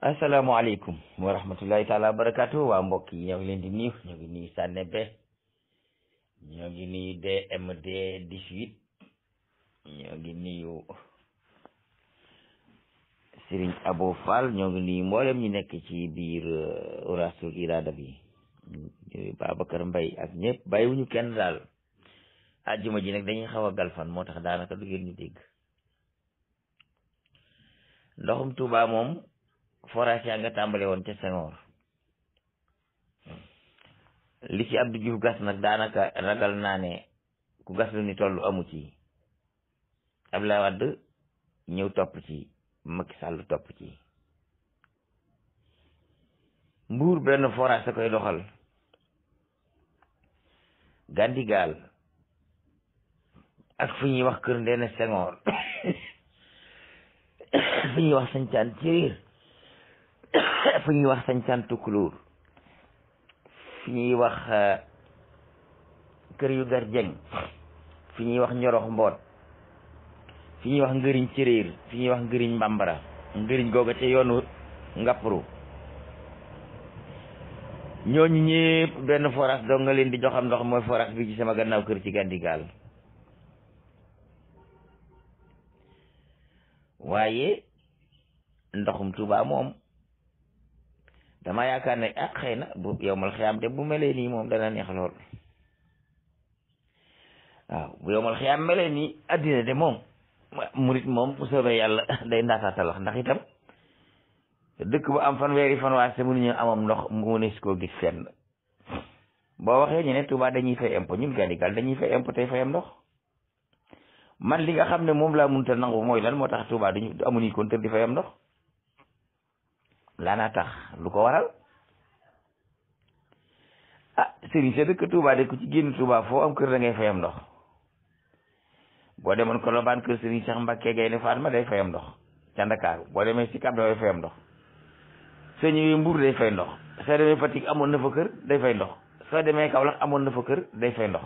asalaamaaleykum wa rahmatullahi taala wa waa mbokk yi ñoo ngi leen di nuyu ñoo ngi nuyu Sané Be ñoo ngi nuyu DMD 18 ñoo ngi nuyu Serigne Abo Fall ñoo ngi nuyu mboolem ñu nekk ci biir Urasul Irada bi Babacar Mbaye ak kenn daal àjjuma ji nag dañuy xaw a galfan moo tax daanaka du ngeen ñu dégg ndoxum Tuuba moom. forage yaa nga tàmbale woon ca Senghor hmm. li ci Abdou gas nag daanaka ragal naa ne ku gas lu ni toll amu ci Abdoulaye Wade ñëw topp ci Macky Sall topp ci mbuur benn forage sa koy doxal Gandigaal ak fu ñuy wax kër Ndeene Senghor fu ñuy wax sañcaan ci riir fu ñuy wax sañcaan tukkulóor fi ñuy wax euh, kër yu gar fi ñuy wax ñorox mboot fi ñuy wax ngëriñ ciréer fi ñuy wax ngëriñ mbambara ngëriñ googa ca yoonu ngappru ñooñu ñëpp benn forage doo nga leen di joxam ndox mooy forage bi ci sama gannaaw kër ci gaal waaye ndoxum Tuubaa moom damaa yaakaar ne ah xëy na bu yowmal xiyaam de bu melee nii moom dana neex lool waaw bu yowmal xiyaam melee nii addina de moom murit moom bu soobee yàlla day ndaataatalax ndax itam dëkk ba am fanweeri fan waa se mënuñu amam ndox mu ne si koo gis fenn boo waxee ñu ne Tuubaa dañuy fay impôt ñun Gandigal dañuy fay impôt tey fayam ndox man li nga xam ne moom laa mënut a nangu mooy lan moo tax Tuubaa duñu amuñu compteur di fayam ndox lana tax lu ko waral ah sëriñ sa dëkk Touba de ku ci génn Touba foo am kër da ngay fayam ndox boo demoon Colobane kër sëriñ Cheikh Mbacké Gaynde Fatma day fayam ndox ca Ndakaaru boo demee Sicap dafay fayam ndox soo ñëwee Mbour day fay ndox soo demee Fatick amoon na fa kër day fay ndox soo demee Kaolack amoon na fa kër day fay ndox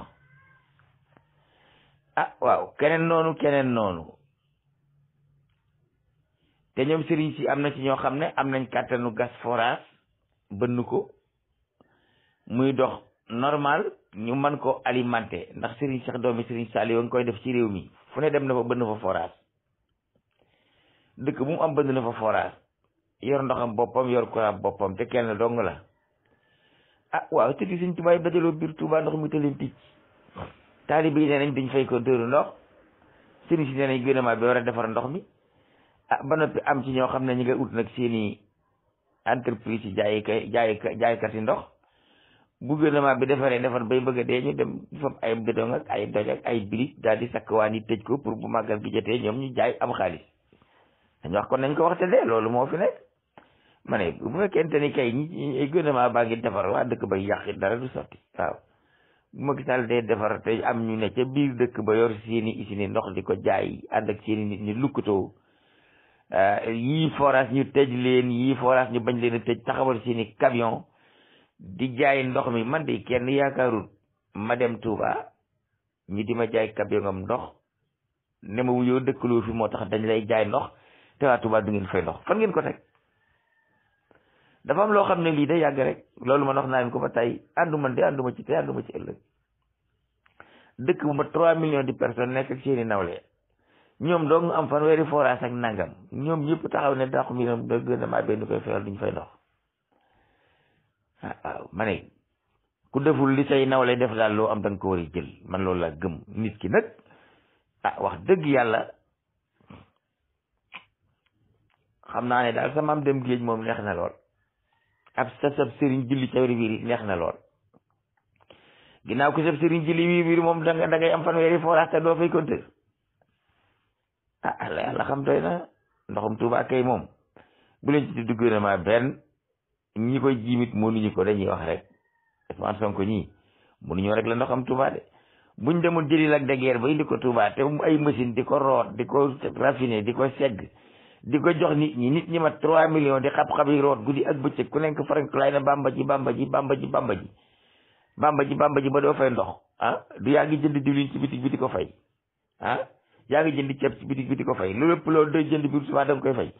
ah waaw keneen noonu keneen noonu te ñoom sëriñ si am na ci ñoo xam ne am nañ kàttanu gas forage bënn ko muy dox normal ñu mën ko alimenter ndax sëriñ sax doomi sëriñ Saliou a ngi koy def ci réew mi fu ne dem na fa bënn fa forage dëkk bu mu am bënn na fa forage yor ndoxam boppam yor courant boppam te kenn dong la ah waaw te di sëñ Tuubaa yi dajaloo biir Tuubaa ndox mi te leen ticc taalibe nee nañ dañ fay ko ndox sëriñ si nee nañ gouvernement bi war a defar ndox mi ah ba noppi am ci ñoo xam ne ñu ngay ut nag seeni entreprise yi jaay jaay jaaykati ndox bu gouvernement bi defaree defar bay bëgg a dee ñu dem fab ay béton ak ay doj ak ay brique daal di sakk waa ni tëj ko pour bu màggal gi jotee ñoom ñu jaay am xaalis dañu wax kon nañ ko waxte dee loolu moo fi nekk ma ne bu fekkente ni kay ñi gouvernement baa ngi defar waa dëkk ba yàqi dara du sotti waaw bu ma gisal dee defar te am ñu ne ca biir dëkk ba yor seeni usine ndox di ko jaay ànd ak ñi lukkatoo Euh, yii forage ñu tëj leen yii forage ñu bañ leen a tëj taxawal seeni camion di jaay ndox mi man de kenn yaakaarut ma dem Touba ñi di ma jaay camion am ndox ne ma wuyoo dëkkaloo fi moo tax dañ lay jaay ndox te waa Touba du ngeen fay ndox fan ngeen ko teg dafa am loo xam ne lii de yàgg rek loolu ma wax naa leen ko ba tey àndu man de ànduma ci te ànduma ci ëllëg dëkk bu ma trois millions de personnes nekk ak seeni nawle ñoom doo am fanweeri forage ak nangam ñoom ñëpp taxaw ne dàqu bi ñoom gouvernement benn koy fayal ah, ku deful li naw lay def daal loo am da ko war a man loolu laa gëm nit ki nag ah, wax dëgg yàlla xam naa ne daal am dem géej moom neex na lool ab sa sab na lool ginnaaw dangay am fanweeri forage te doo fay Ah, ah la xam doy na ndoxum Tuuba kay moom bu leen ci tuddu gouvernement benn ñi koy jiimit mënuñu ko dañuy wax rek Ousmane Sonko ñii mënuñoo rek la ndoxam Tuuba de buñ demoon jëli Lac de Guiers ba indi ko Tuuba te ay machine di ko root di ko raffiné di ko segg di ko jox nit ñi nit ñi mat trois millions di xab-xab yi root guddi ak bëccëg ku nekk farank lay na bamba ji bamba ji bamba ji bamba ji bamba ji bamba ji ba doo fay ndox ah du yaa jënd diwlin ci bitig bi di ko fay ah. yaa ngi jënd ceeb ci bi di ko fay lu lépp loolu day jënd biir souvent da nga koy fay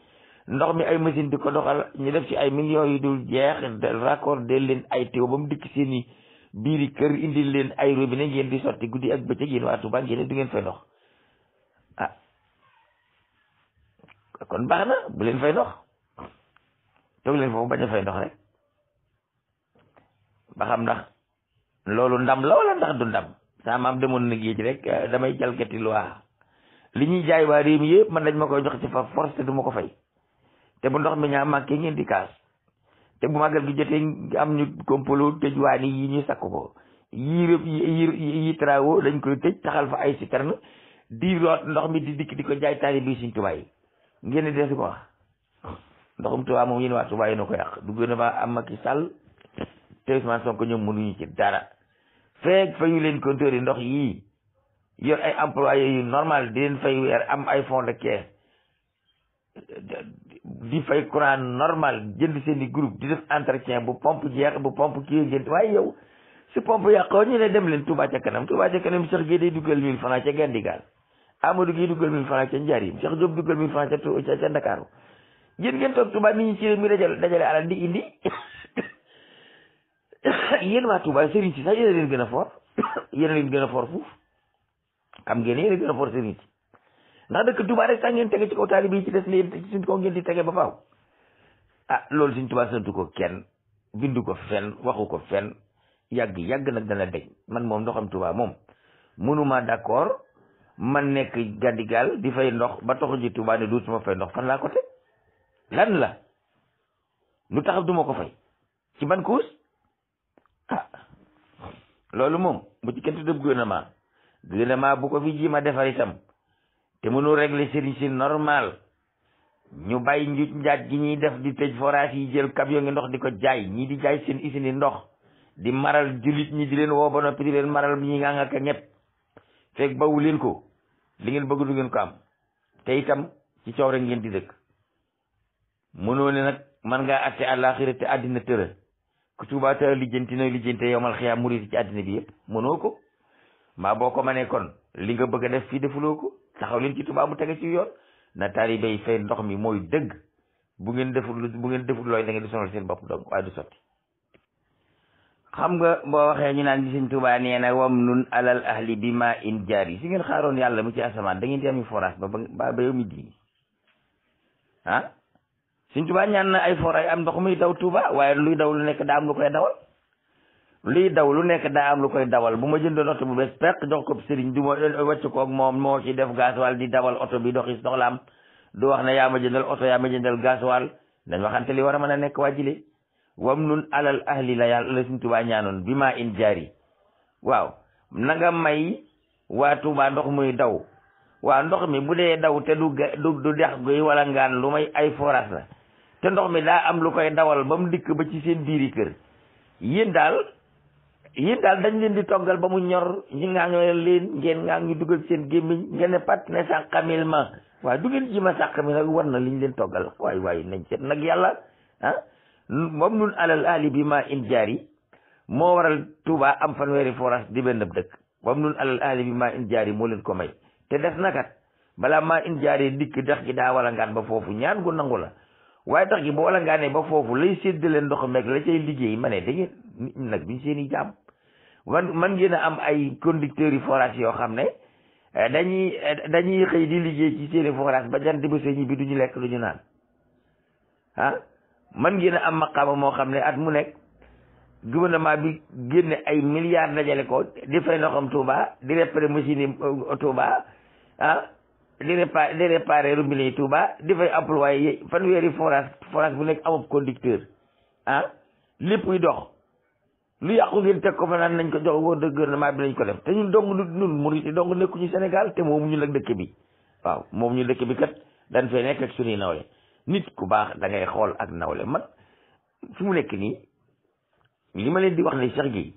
ndox mi ay machine di ko doxal ñu def ci ay millions yu dul jeex raccordé leen ay teew ba mu dikk seen i biiri kër indi leen ay robinet ngeen di sotti guddi ak bëccëg yéen waa Touba ngeen du ngeen fay ndox ah kon baax na bu leen fay ndox toog leen foofu bañ a fay ndox rek ba xam ndax loolu ndam la wala ndax du ndam saa maam demoon na géej rek damay jalgati loi li ñuy jaay waa réew mi yëpp man dañ ma koy jox ci fa force te du ma ko fay te bu ndox mi ñaa manqué ngeen di kaas te bu màggal gi jotee am ñu kompolo tëj waa ni yi ñuy sakk ko yii yi yi travaux dañ koy tëj taxal fa ay citerne di root ndox mi di dikk di ko jaay taali bi suñ tubaay ngeen dee si ko wax ndoxum tubaa moom yéen waa tubaa yéen ko yàq du gouvernement am Macky Sall te Ousmane Sonko ñoom mënuñu ci dara feeg fa leen compteur yi ndox yii yor ay employé yu normal di leen fay weer am ay fond de caisse di fay courant normal jënd seen i groupe di def entretien bu pompe jeex bu pompe kii jënd waaye yow si pompe yàqoo ñu ne dem leen Touba ca kanam Touba ca kanam Cheikh Gueye day duggal mille francs ca Gandigal Amadou Gueye duggal mille francs ca Njaarim Cheikh Diop duggal mille francs ca Ndakaaru yéen ngeen toog Touba nit ñi ci mi dajale dajale alal di indi yéen waa Touba sëriñ si sax yéen a leen gën a fort yéen a xam ngeen yéen gën a forcé nit ndax dëkk Touba rek sax ngeen tege ci kaw taalibe yi ci des léegi ci suñ kaw ngeen di tege ba faaw ah loolu suñ Touba santu ko kenn bindu ko fenn waxu ko fenn yàgg yàgg nag dana deñ man moom ndoxam Touba moom mënuma d'accord man nekk gàddigaal di fay ndox ba toxu ji Touba ne duutuma fay ndox fan laa ko teg lan la lu tax duma ko fay ci ban kuus ah loolu moom mu ci kenn tuddee gouvernement gouvernement bu ko fi ji ma defar itam te mënu régler sëriñ si normal ñu bàyyi njuuj njaaj gi ñuy def di tëj forage yi jël camion ngi ndox di ko jaay ñii di jaay seen usine yi ndox di maral jullit ñi di leen woo ba noppi di leen maral ñi nga nga ka ñëpp fekk bawu leen ko li ngeen bëgg du ngeen ko am te itam ci coow rek ngeen di dëkk mënoo ne nag man ngaa atte àllaaxira te àddina tëra ku tuubaa ta lijjanti nooy lijjante yomal xiyaam muriti ci àddina bi yëpp mënoo mbaa boo ko mënee kon li nga bëgg a def fii defuloo ko taxaw leen ci Tuubaa mu tege ci yoon na taalibe yi fay ndox mi mooy dëgg bu ngeen deful bu ngeen deful looy da ngeen di seen bopp dong waaye du sotti xam nga boo waxee ñu naan sëñ Tuubaa nee na wam nun alal ahli bi ma in jaar yi si ngeen xaaroon yàlla mu ci asamaan da ngeen di ami forage ba ba ba yow mi diini ah sëñ Tuubaa ñaan na ay forage am ndox muy daw Tuubaa waaye luy daw lu nekk daa am lu luy daw lu nekk daa am lu koy dawal bu ma jëndoon oto bu bees peq jox ko sëriñ du euh, euh, ko moom moo ci def gasoil di dawal oto bi dox doxi soxlaam du wax na yaa ma jëndal oto yaa ma jëndal gasoil dañ waxante li war a mën a nekk waa jile wam nun alal ahli la yàlla la suñ tubaa ñaanoon bi maa waaw na may waa tubaa ndox muy daw waa ndox mi bu dee daw te du du dex guy wala ngaan lu may ay forage la te ndox mi daa am lu koy dawal ba mu dikk ba ci seen biiri kër yéen daal yéen daal dañ leen di toggal ba mu ñor ñi ngaa ngi leen ngeen ngaa ngi dugal seen gémmiñ ngeen ne pat ne sànqamil ma waaye du ngeen ji ma nag na liñ leen toggal waay nañ seet nag yàlla ah moom nun alal ali bi ma in moo waral Touba am fanweeri forage di benn dëkk moom nun alal ali bi ma in jaari moo leen ko may te des na kat balaa ma in jaari dikk dex gi daa wala ngaan ba foofu ñaan gu nangu la waaye tax gi boo wala ngaanee ba foofu lay séddale ndox meeg la cay liggéey ma ne da ngeen nag jaam man man ngeen am ay conducteurs yi forage yoo xam ne eh, dañuy eh, dañuy xëy di liggéey ci seeni forage ba jant ba seen bi du ñu lekk du ñu naan ah man ngeen am maqaama moo xam ne at mu nekk gouvernement bi génne ay milliards dajale ko di fay ndoxam Touba di réparer machine yi euh, Touba ah di répa di réparer robinet yi Touba di fay employé fanweeri forage forage bu nekk amub conducteur ah lépp dox. lu yàqu ngeen teg ko fa naan nañ ko jox wóor de gouvernement ko def te ñu dong ñun murit yi dong nekkuñu Sénégal te moomu ñu nag dëkk bi waaw moom ñu dëkk bi kat dañ fee nekk ak suñuy nawle nit ku baax dangay xool ak nawle man fi mu nekk nii li ma leen di wax ne Cheikh gi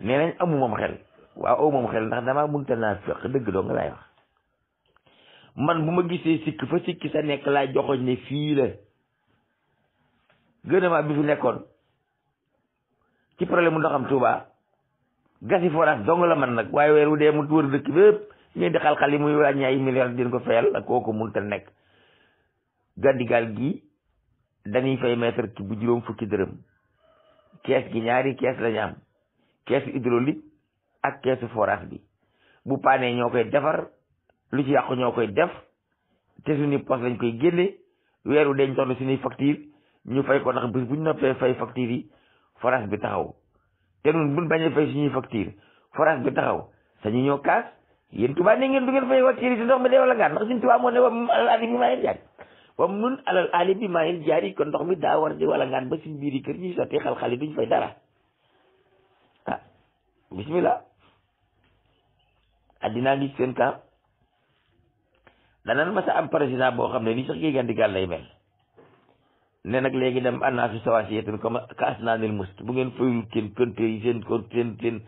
nee nañ amu moom xel waaw aw moom xel ndax damaa mënta naa feq dëgg doo nga laay wax man bu ma gisee sikk fa sikki sa nekk laa joxoñ ne fii la gouvernement bi fi nekkoon ci problème mu ndoxam Touba gasi forage dong man nag waaye weer wu dee mu wër dëkk bépp ngeen di xal-xal yi muy wàññi ay millions din ko fayal kooku mënut a nekk gàddigaal gi dañuy fay mètre ki bu juróom fukki dërëm kees gi ñaari kees la am keesu hydraulique ak keesu forage bi bu paanee ñoo koy defar lu ci yàqu ñoo koy def te suñu poste lañ koy génne weeru deñ toll suñuy facture ñu fay ko ndax bés bu ñu noppee fay facture yi forage bi taxaw te nun buñ bañ a fay suñuy facture forage bi taxaw sañu ñoo kaas yéen tubaab ne ngeen du ngeen fay facture yi si ndox mi dee wala ngaan ndax suñ tubaab moo ne wam alal aali bi maa leen jaari wam ndox mi daa di wala ngaan ba suñ biiri kër ñuy sotti xal-xal yi duñ fay dara ah bismillah addinaa ngi seen camp danan ma sa am président boo xam ne ni sax géegandi gàl lay mel ne nag léegi dem annaasu sawaasiyatun ka asnaanil must bu ngeen fayul seen compteur yi seen seen seen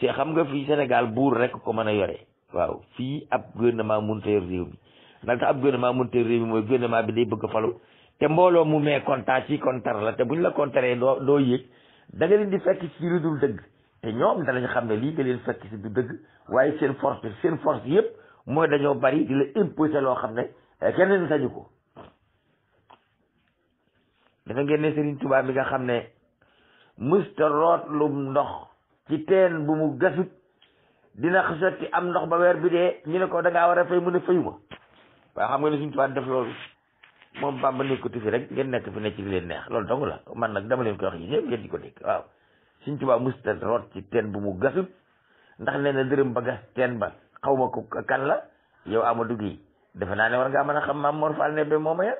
si xam nga fii Sénégal buur rek ko mën a yore waaw fii ab gouvernement mënut a yor réew mi ndax réew mi mooy gouvernement bi day bëgg a falu mu mee kontaan ci kontar la te bu ñu la kontaree doo doo yëg da nga leen di fekk ci lu dëgg te ñoom danañ xam ne lii nga leen fekk ci du dëgg waaye seen force seen force yëpp mooy dañoo bari di la loo xam ne eh, kenn sañu ko dafa génne Serigne Touba bi nga xam ne musta rootlum ndox ci teen bu mu gasut dina sotti am ndox ba weer bi dee ñu ne ko da war a fay mu ne fayuma waaye xam nga ne Serigne Touba def loolu moom Bàmba ko fi rek ngeen nekk fi ne ci leen neex loolu dong la man nag dama leen koy wax yi ñëpp ngeen di ko dégg waaw Serigne Touba musta root ci teen bu mu gasut ndax nee na dërëm ba gas teen ba xaw ma ko kan la yow dugg yi defe naa ne war ngaa mën a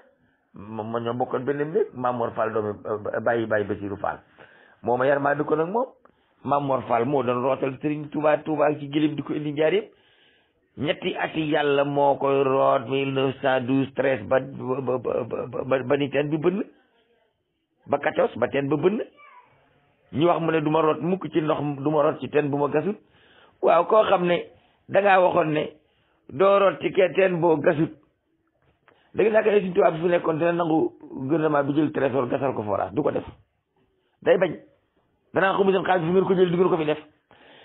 moom ma ñoo bokkoon benn néeg Mamor Fall doomi euh, bàyyi bàyyi Basiru Fall moo ma yar maa dëkkoon ak moom Mamor Fall moo doon rootal ko indi njaareem ñetti ati yàlla ba ba ba teen bi bënn ba quatorze ba teen ba bënn ñu wax mu ne du ma root mukk ci ndox du ma root ci teen bu ma gasut waaw koo xam ne dangaa waxoon ne doo root ci ke teen boo gasut léegi nag ay suñu tubaab bi nekkoon dina nangu gouvernement bi jël trésor gasal ko forage du ko def day bañ danaa xamu seen xaalis fu ngeen ko jël du ngeen ko fi def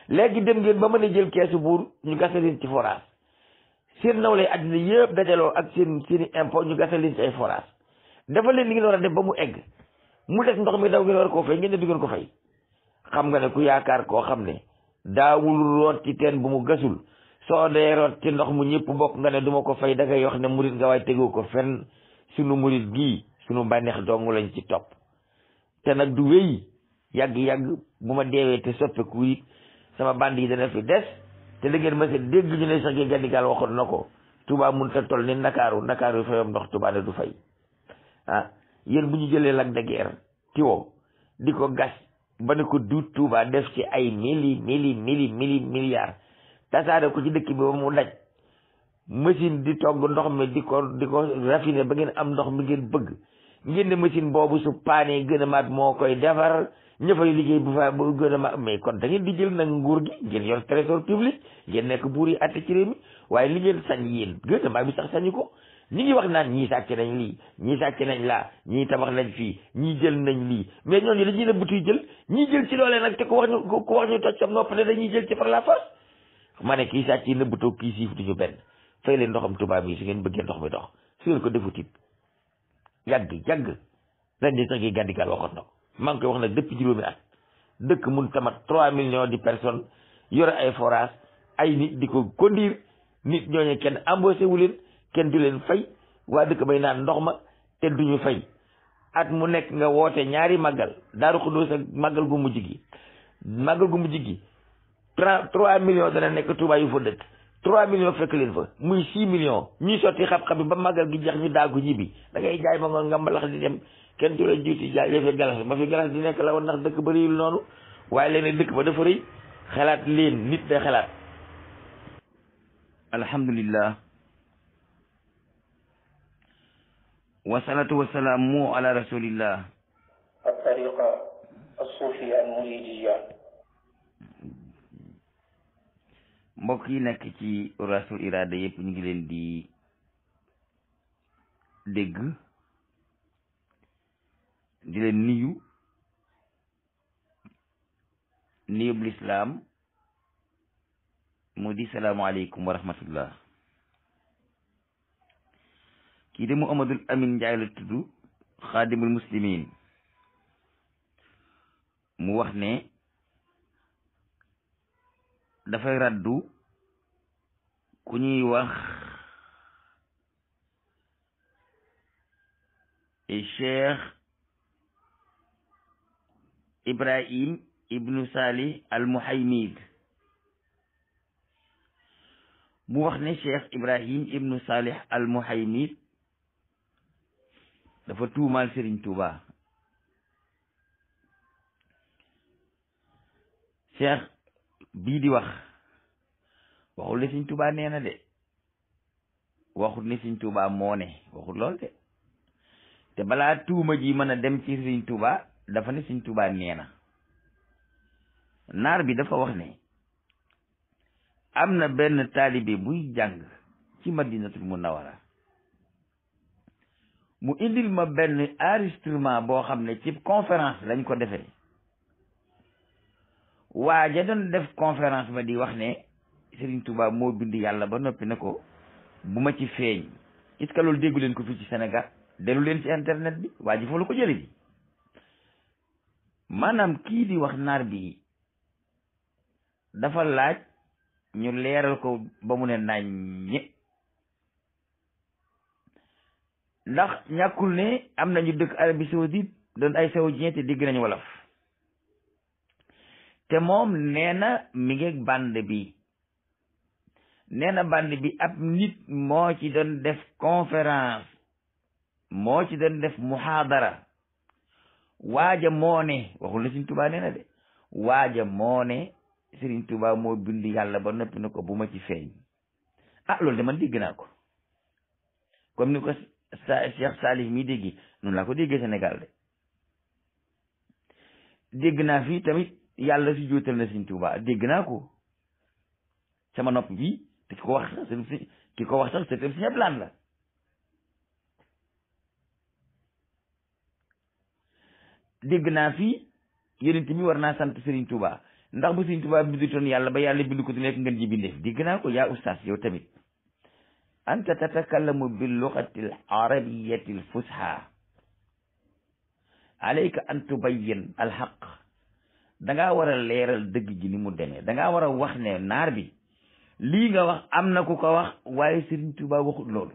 léegi dem ba mën a jël keesu buur ñu gasal leen ci forage seen nawle àddina yëpp dajaloo ak seen seeni impôt ñu gasal leen ci ay forage leen li ngeen war a def ba mu egg mu des ndox mi daw ngeen war koo fay ngeen ne du ngeen ko fay xam nga ne ku yaakaar koo xam ne daawul root ci teen bu mu gasul soo dee root ci ndox mu ñëpp bokk nga ne duma ko fay dangay wax ne murit nga waaye tegu ko fenn sunu murit gii sunu bànneex dong lañ ci topp te nag du wéy yàgg-yàgg bu ma deewee te soppeeku it sama band yi dana fi des te da ngeen ma se dégg ñu ne sax gi gandigaal waxoon na ko tubaa mun ta toll ni ndakaaru ndakaaru fayam ndox Touba ne du fay ah bu ñu jëlee Lac de Guiers tiwo di ko gas ba ne ko duut Touba def ci ay mili mili mili mili tasaare ko ci dëkk bi ba mu daj machine di togg ndox mi di ko di ko raffiné ba ngeen am ndox mi ngeen bëgg ngeen ne machine boobu su paanee gën a maat moo koy defar ña fay liggéey bu fa bu gën a maat mais kon da ngeen di jël nag nguur gi ngeen yor trésor public ngeen nekk buur yi àtte ci réew mi waaye li ngeen sañ yéen gouvernement bi sax sañu ko ñi ngi wax naan ñii sàcc nañ lii ñii sàcc nañ laa ñii tabax nañ fii ñii jël nañ lii mais ñooñu dañuy nëbbutuy jël ñii jël ci loolee nag te ku wax ñu ku dañuy jël la ma ne kii sàcc yi nëbbutoo kii siif duñu benn fay leen ndoxam tubaab yi su ngeen bëggee ndox mi dox su ngeen ko defu tib yàgg yàgg ren di sax gi gàndigal waxoon maa ngi koy wax nag depuis juróomi at dëkk mun tamat trois millions de personnes yore ay forage ay nit di ko kondiir nit ñooñu kenn embauché wu leen kenn du leen fay waa dëkk bay naan ndox ma te duñu fay at mu nekk nga woote ñaari màggal daaru xudóos ak màggal gu mujj gi màggal mujj gi trois millions dana nekk Touba yu fa dëkk trois millions fekk leen muy six millions ñuy sotti xam-xam bi ba gi daagu ñibbi da jaay ma nga di dem kenn du la juuti jaay yëfe fi galas di nekk la woon ndax dëkk ba réyul noonu waaye leen dëkk ba dafa rëy xalaat nit day xalaat alhamdulillah wasalaatu wasalaam mu ala rasulillah الطريقة الصوفية المريدية mbokk yi nekk ci rasul irada yëpp ñu ngi leen di dégg di leen niyu niyub lislaam mu di salaamaaleykum wa rahmatullah kii de Muhammadul Amin Njaay la tudd xaadimul muslimin mu wax ne dafay raddu ku ñuy wax cheikh ibrahim ibnu salih al muhaymid mu wax ne cheikh ibrahim ibnu salih al muhaymid dafa tuumaal Serigne Touba cheikh bii di wax waxul ne Sëñ Tuubaa nee na de waxut ne Sëñ Tuubaa moo ne waxul lool de te balaa tuuma ji mën a dem ci Sëñ Tuubaa dafa ne Sëñ Tuubaa nee na naar bi dafa wax ne am na benn taalibe buy jàng ci Madinatul Munawwara mu indil ma benn enregistrement boo xam ne ci conférence lañ ko defee waa ja doon def conférence ba di wax ne Serigne tubaab moo bind yàlla ba noppi ne ko bu ma ci feeñ est-ce loolu déggu leen ko fii ci Sénégal dellu leen ci internet bi waa ji foo la ko jële bi maanaam kii di wax naar bi dafa laaj ñu leeral ko ba mu ne naññe ndax ñàkkul ne am nañu dëkk Arabie Saoudite doon ay saoudien te dégg nañu wolof te moom nee na mi ngeeg band bi nee na band bi ab nit moo ci doon def conférence moo ci doon def muhaadara waaja moo ne waxul la de waaja moo ne Sëriñ moo bind yàlla ba noppi na ko bu ma ci feeñ ah loolu de man dégg naa ko comme ni ko sa Cheikh Salif mi déggi noonu laa ko déggee Sénégal de dégg naa tamit yàlla si jootal na Sëñ Tuuba dégg naa ko sama nopp bi te ki ko wax si ki ko wax sax sëtam la dégg naa fii yonent mi war naa sant Sëriñ tuba ndax bu Sëriñ Tuuba bindutoon yàlla ba yàlla bindu ko du nekk ngeen ji bindeef dégg naa ko yaa oustaz yow tamit anta tatakallamu bi luxati l arabiyati alayka an tubayyin al dangaa war a leeral dëgg ji ni mu demee dangaa war a wax ne naar bi lii nga wax am na ku ko wax waaye Serigne Touba waxut loolu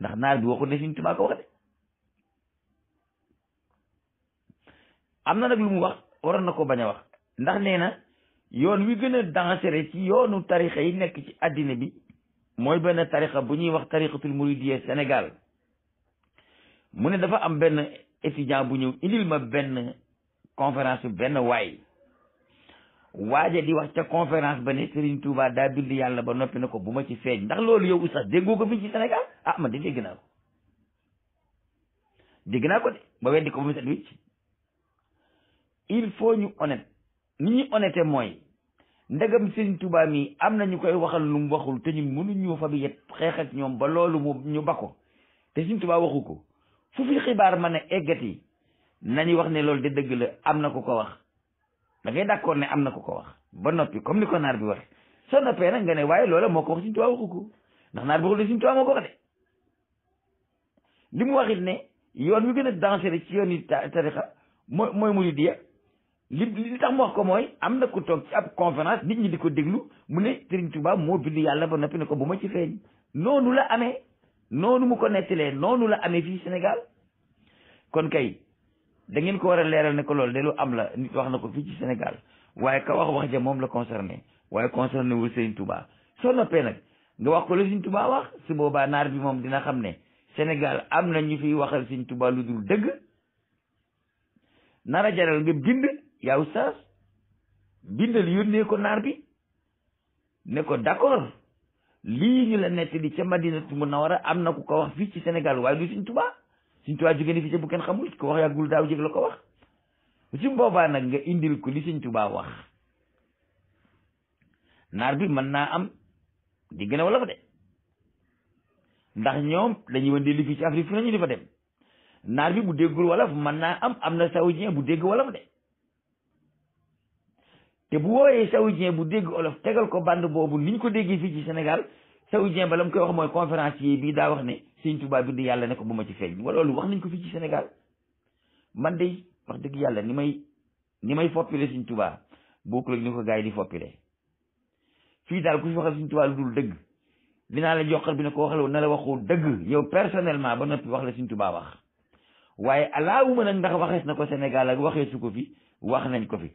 ndax naar bi waxut ne Serigne Touba ko wax de am na nag lu mu wax waroon na ko bañ a wax ndax nee na yoon wi gën a dangereux ci yoonu tarixa yi nekk ci àddina bi mooy benn tarixa bu ñuy wax tarixatul muridiyya senegal mu ne dafa am benn étudiant bu ñëw indil ma benn conférence benn waay waaja di wax ca conférence ba ne Serigne Touba daa bind yàlla ba noppi na ko bu ma ci feeñ ndax loolu yow oustaz déggoo ko fi ci Sénégal ah man de dégg naa ko dégg naa ko de ba weddi ko ba mu set wicc il faut ñu honnête ni ñuy honnête mooy ndegam Serigne Touba mi am na ñu koy waxal lu mu waxul te ñu mënuñu fa bi yet xeex ak ñoom ba loolu mu ñu ba ko te Serigne Touba waxu ko fu fi xibaar mën a eggati nañu wax ne loolu de dëgg la am na ko ko wax da ngay d'accord ne am na ko ko wax ba noppi comme ni ko naar bi waxe soo noppee nag nga ne waaye loola moo ko wax Sëñ Tuubaa waxu ko ndax naar bi waxul ne Sëñ Tuubaa moo ko wax de li mu waxit ne yoon wi gën a dangereux ci yoon yi tarixa mooy mooy muridiya li li tax mu wax ko mooy am na ku toog ci ab conférence nit ñi di ko déglu mu ne Sëriñ Tuubaa moo bind yàlla ba noppi ne ko bu ma ci feeñ noonu la amee noonu mu ko nettalee noonu la amee fii Sénégal kon kay da ngeen ko war a leeral ne ko loolu de lu am la nit wax na ko fii ci Sénégal waaye ka wax wax ja moom la concerné waaye concerné wul Serigne tubaa soo noppee nag nga wax ko la Serigne tubaa wax si boobaa naar bi moom dina xam ne Sénégal am na ñu fiy waxal Serigne Touba lu dul dëgg nar a jaral nga bind yaa oustaz bindal yónnee ko naar bi ne ko d'accord lii ñu la nett di ca madinatu munawara am na ku ko wax fii ci Sénégal waaye du Sëñ Tuubaa Sëñ Tuubaa jóge ni fi ca bu kenn xamul ko wax yàggul daaw jég ko wax su boobaa nag nga indil ko li Sëñ Tuubaa wax naar bi mën naa am di gën a wala de ndax ñoom dañuy wëndee li fii ci Afrique fu nañu di fa dem naar bi bu déggul wolof mën naa am am na saoudien bu dégg wolof de te bu wooyee saoudien bu dégg olof tegal ko bande boobu ñu ko déggee fii ci Sénégal saoudien ba la mu koy wax mooy conférencier bii daa wax ne sëñ Tuubaa bind yàlla ne ko bu ma ci feeñ wala loolu wax ko fii ci Sénégal man de wax dëgg yàlla ni may ni may foppile sëñ Tuubaa bokkul ak ni ko gars di foppile fii daal ku fi waxal sëñ Tuubaa lu dul dëgg dinaa la joxal bi ne ko waxal na la waxu dëgg yow personnellement ba noppi wax la sëñ Tuubaa wax waaye alaawuma nag ndax waxees na ko Sénégal ak waxeesu ko fi wax nañ ko fi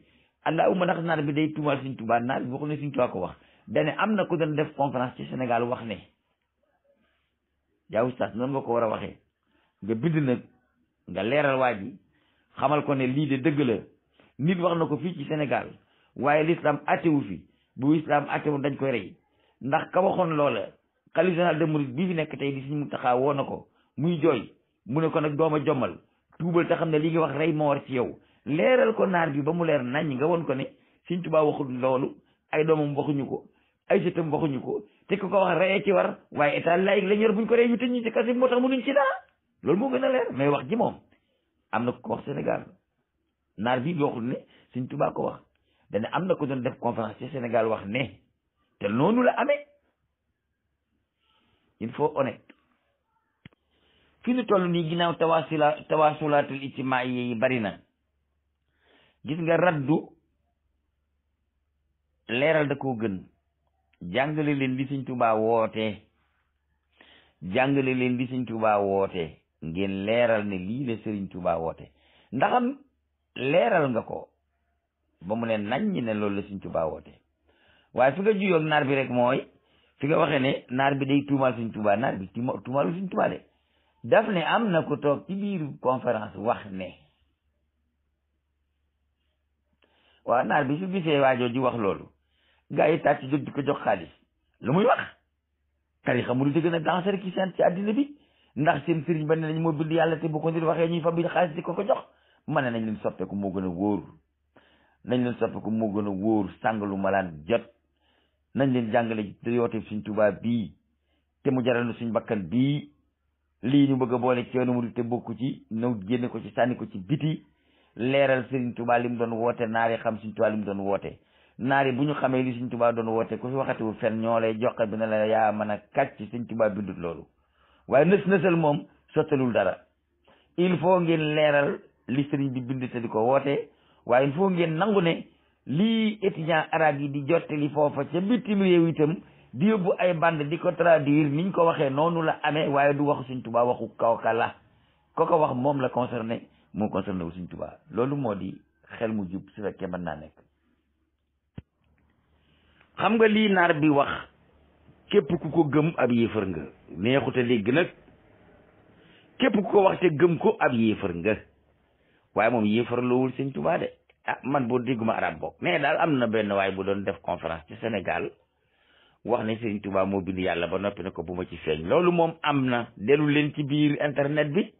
allah umma ndax naar bi day tuumaal Sëriñ Tuubaa naar bi waxul ne Sëriñ Tuubaa ko wax dane am na ku doon def conférence ci Sénégal wax ne yaa oustaz noonu nga ko war a waxee nga bind nag nga leeral waa ji xamal ko ne lii de dëgg la nit wax na ko fii ci Sénégal waaye l'islam atewu fi bu islam atewu dañ koy rey ndax ka waxoon loola xalifa général de Mouride bii fi nekk tey di Sëriñ Muntaxa woo na ko muy jooy mu ne ko nag dooma jommal tuubal te xam ne li nga wax rey moo ci yow leeral ko naar bi ba mu leer nañ nga won ko ne Sëñ Tuubaa waxul loolu ay doomu waxuñu ko ay sëtam waxuñu ko te ku ko wax reye ci war waaye état laïque la ñor buñ ko rey ñu tëj ñu ci loolu moo gën a mais wax ji moom am na ku ko wax naar bi waxul ne Sëñ Tuubaa ko wax dana am na ko doon def conférence ci Sénégal wax ne te noonu la ame il faut honnête fi ñu toll nii ginnaaw tawaasula tawaasulaatul ijtimaa yi bari na gis nga raddu leeral da koo gën jàngale leen li Sëñ Tuubaa woote jàngale leen li Sëñ Tuubaa woote ngeen leeral ne lii la Sëriñ Tuubaa woote ndaxam leeral nga ko ba mu ne nañ ne loolu la Sëñ Tuubaa woote waaye fi nga juyoog naar bi rek mooy fi nga waxee ne naar bi day tuumaal Sëñ Tuubaa naar bi tuumaalu Sëñ Tuubaa de daf ne am na ko toog ci biir conférence wax ne waaw naar bi su gisee waajoo ji wax loolu gaa yi tàcc jóg di ko jox xaalis lu muy wax tarixa mu di gën a danser ki seen ci àddina bi ndax seen sëriñ ba ne nañ moo bind yàlla te bu ko waxee ñuy fa biir xaalis di ko ko jox ma ne nañ leen soppeeku moo gën a wóor nañ leen soppeeku moo gën a wóor sàngalu malaan jot nañ leen jàngale yoote suñ tubaab bii te mu jaral suñ bakkan bii lii ñu bëgg a boole ci yoonu mu te bokku ci ñëw génn ko ci sànni ko ci biti leeral Serigne Touba lim mu doon woote naari xam Serigne Touba li mu doon woote naari bu ñu xamee li Serigne Touba doon woote ku si waxatiwu fen ñoo lay joxe bi ne la yaa mën a kàcc Serigne Touba bindut loolu waaye nës nësal moom sottalul dara il faut ngeen leeral li Serigne bi bind te di ko woote waaye il faut ngeen nangu ne lii étudiant arabe yi di jottali foofa ca bitim réew itam di yóbbu ay band di ko traduire niñ ko waxee noonu la amee waaye du waxu Serigne Touba waxu kawka la ko ko wax moom la concerné moo concerné wu Sëriñ Tuubaa loolu moo di xel mu jub su fekkee mën naa nekk xam nga lii naar bi wax képp ku ko gëm ab yéefar nga neexute léegi nag képp ku ko wax te gëm ko ab yéefar nga waaye moom yéefar loowul Sëriñ tubaa de ah man boo dégguma arab bokk mais daal am na benn waay bu doon def conférence ci Sénégal wax ne Sëriñ tubaa moo bind yàlla ba noppi na ko bu ma ci feeñ loolu moom am na dellu leen ci biir internet bi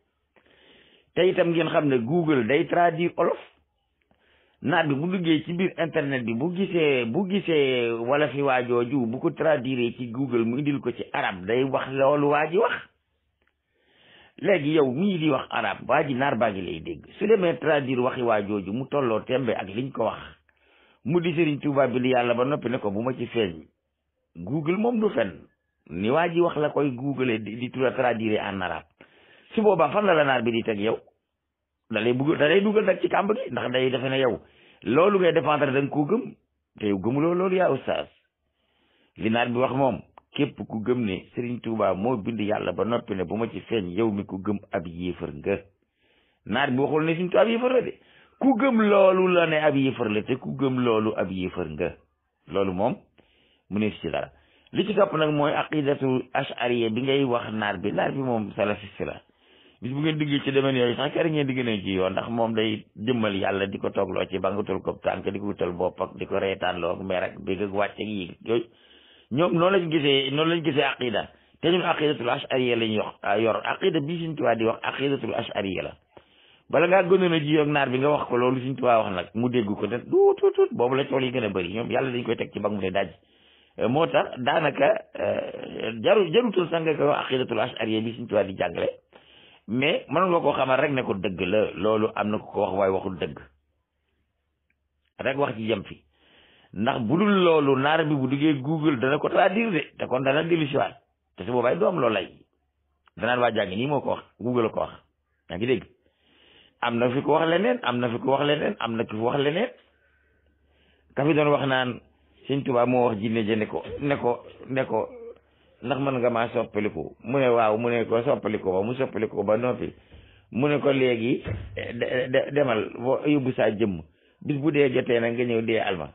te itam ngeen xam ne Google day traduire olof naat bi bu duggee ci biir internet bi bu gisee bu gisee wala fi waajooju bu ko traduire ci Google mu indil ko ci arab day wax loolu waa ji wax léegi yow mii di wax arab waa ji naar baa ngi lay dégg su demee traduire waxi waajooju mu tolloo tembe ak liñ ko wax mu di Serigne Touba bi li yàlla ba noppi ne ko bu ma ci feeñ Google moom du fen ni waa ji wax la koy Google di di traduire en arabe su boobaa fan la la naar bi teg yow da lay bugg da lay dugal nag ci kàmb gi ndax day defe ne yow loolu ngay défendre da nga koo gëm te yow gëmuloo loolu yaa oustaz li naat bi wax moom képp ku gëm ne Serigne Touba moo bind yàlla ba noppi ne bu ma ci feeñ yow mi ku gëm ab yéefar nga naat bi waxul ne Serigne Touba ab la de ku gëm loolu la ne ab yéefar la te ku gëm loolu ab yéefar nga loolu moom mu ne ci dara li ci topp nag mooy aqidatu ashariya bi ngay wax naar bi naar bi moom salafiste la bis bu ngeen duggee ci domaine yooyu sax kër ngeen di gën a ci yoon ndax moom day jëmmal yàlla di ko toogloo ci bangatul ko tànk di ko wutal bopp ak di ko reetaanloo ak mer ak bég ak wàcc ak yéeg yooyu ñoom noonu lañ gisee noonu lañ gisee aqida te ñun aqidatul ashariya lañ yox ah, yor aqida bii suñ tubaab di wax aqidatul ashariya la bala ngaa gënoon a ji ak naar bi nga wax ko loolu suñ tubaab wax nag mu dégg ko te tuut tuut boobu la cool yi gën a bëri ñoom yàlla dañ koy teg ci bag mu ne daj moo tax daanaka eh, jaru jarutul sax nga koy wax aqidatul ashariya bi suñ tubaab di jàngale mais mënoon nga ko xamal rek ne ko dëgg la loolu am na ku ko wax waaye waxul dëgg rek wax ci jëm fi ndax bu dul loolu naar bi bu duggee google dana ko traduire de te kon dana dellu te su boobaay doom loolu danaan waa jàngi nii moo ko wax google ko wax yaa ngi dégg am na fi ko wax leneen am na fi ko wax leneen am na wax leneen ka fi doon wax naan sëñ Tuubaa moo wax jinne ja ne ko ko ndax man nga maa soppaliku mu ne waaw mu ne ko soppaliku ba mu soppaliku ba noppi mu ne ko léegi eh, demal yóbbu saa jëmm bis bu dee jotee nag nga ñëw dee alma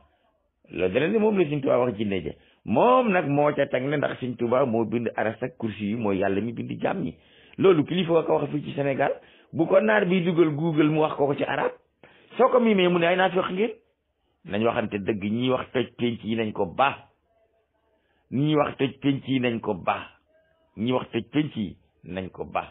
loolu dana ne moom la Sëñ Tuubaa wax jinne ja moom nag moo ca teg ne ndax Sëñ Tuubaa moo bind aras ak kursi yi mooy yàlla mi bind jaam ñi loolu kilifa ko wax fii ci Sénégal bu ko naar bi dugal google mu wax ko ci arab soo ko miimee mu ne ay naa fi wax ngeen nañ waxante dëgg ñi wax toj penc yi nañ ko baax ñi wax tëj penc yi nañ ko baax ñi wax tëj penc yi nañ ko baax